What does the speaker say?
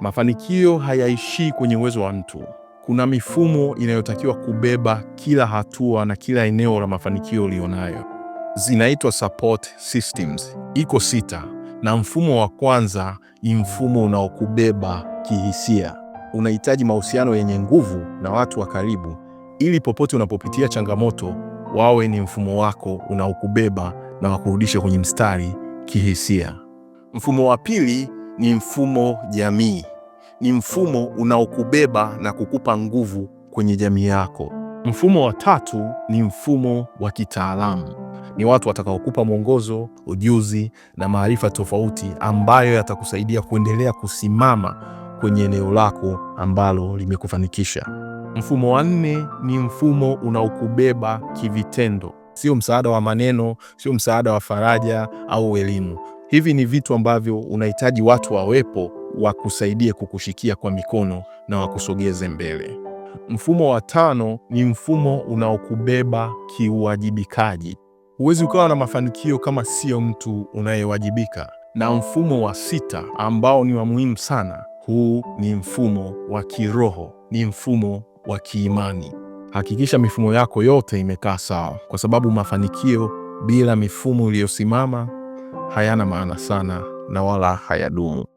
Mafanikio hayaishii kwenye uwezo wa mtu. Kuna mifumo inayotakiwa kubeba kila hatua na kila eneo la mafanikio ulionayo. Zinaitwa support systems, iko sita, na mfumo wa kwanza ni mfumo unaokubeba kihisia. Unahitaji mahusiano yenye nguvu na watu wa karibu, ili popote unapopitia changamoto wawe ni mfumo wako unaokubeba na wakurudisha kwenye mstari kihisia. Mfumo wa pili ni mfumo jamii, ni mfumo unaokubeba na kukupa nguvu kwenye jamii yako. Mfumo wa tatu ni mfumo wa kitaalamu, ni watu watakaokupa mwongozo, ujuzi na maarifa tofauti ambayo yatakusaidia kuendelea kusimama kwenye eneo lako ambalo limekufanikisha. Mfumo wa nne ni mfumo unaokubeba kivitendo, sio msaada wa maneno, sio msaada wa faraja au elimu, Hivi ni vitu ambavyo unahitaji watu wawepo wakusaidie kukushikia kwa mikono na wakusogeze mbele. Mfumo wa tano ni mfumo unaokubeba kiuwajibikaji. Huwezi ukawa na mafanikio kama sio mtu unayewajibika. Na mfumo wa sita ambao ni wa muhimu sana, huu ni mfumo wa kiroho, ni mfumo wa kiimani. Hakikisha mifumo yako yote imekaa sawa, kwa sababu mafanikio bila mifumo iliyosimama hayana maana sana na wala hayadumu.